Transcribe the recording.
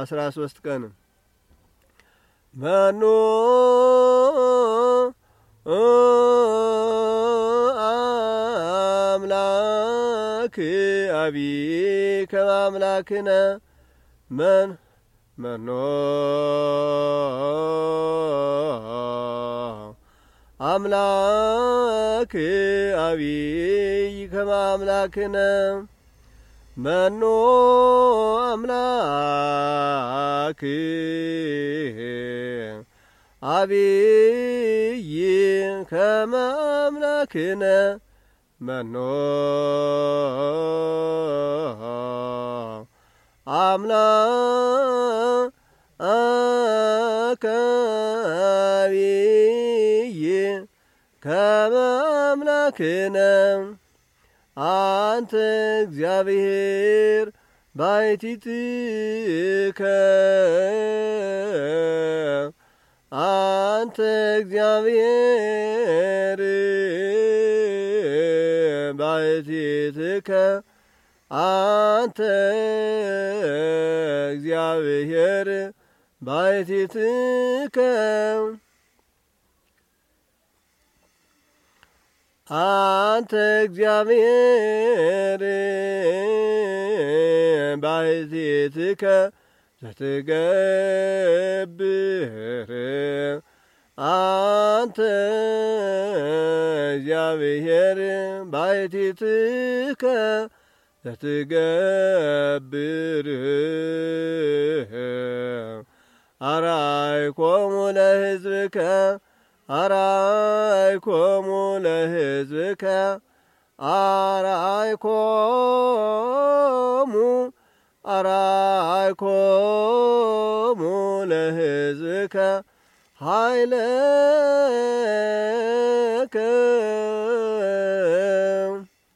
አስራ ሶስት ቀን መኑ አምላክ አቢ ከማምላክነ መን መኖ አምላክ አብይ ከማምላክነ መኖ አብይ ከማምላክነ መኖ አምላከ አብይ ከማምላክነ አንተ እግዚአብሔር ባይቲትከ አንተ እግዚአብሔር ባይቲትከ አንተ እግዚአብሔር ባይቲትከ አንተ እግዚአብሔር ባሕቲትከ ዘትገብር አንተ እግዚአብሔር ባሕቲትከ ዘትገብር አርአይኮሙ ለሕዝብከ አርአይኮሙ ለሕዝብከ አርአይኮሙ አርአይኮሙ ለሕዝብከ ኃይለ